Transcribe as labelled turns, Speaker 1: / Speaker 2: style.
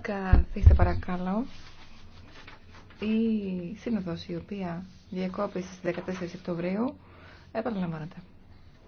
Speaker 1: Καθίστε παρακαλώ.
Speaker 2: Η σύνοδος η οποία διακόπησε στις 14 Οκτωβρίου επαναλαμβάνεται.